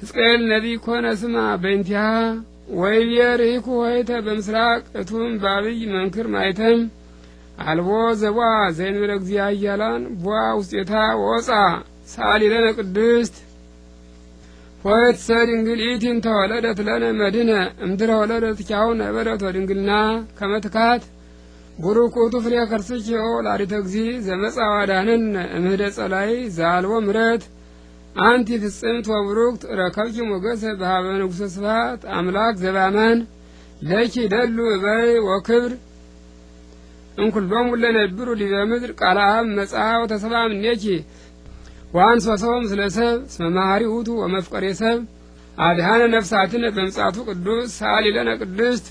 ሕዝቅኤል ነቢይ ኮነ ስማ በእንቲሃ ወይብየ ርሂኩ ሆይተ በምስራቅ እቱም በአብይ መንክር ማይተም አልቦ ዘቧ ዘይንብለ እግዚአ እያላን ቧ ውስጤታ ወፃ ሳሊ ለነ ቅድስት ሆይት ሰድንግል ኢቲንተ ወለደት ለነ መድነ እምድረ ወለደት ቻው በለት ወድንግልና ከመትካት ቡሩክ ውእቱ ፍሬ ከርስኪ ኦ ወላዲተ እግዚእ ዘመጻ ዋዳነነ እምህደ ጸላይ ዘአልቦ ምረት አንቲ ፍጽምት ወብሩክት ረከብኪ ሞገሰ በሃበ ንጉሠ ስፋት አምላክ ዘባማን ለኪ ደሉ እበይ ወክብር እንኩሎሙ ነብሩ ዲበ ምድር መጽሐው ተሰባም መጽሐው ተሰባምኔኪ ወአንሶሰም ስለ ሰብ ስመማሪ ውቱ ወመፍቀሬ ሰብ አድሃነ ነፍሳትን በምጻቱ ቅዱስ ሳሊለነ ለነ ቅድስት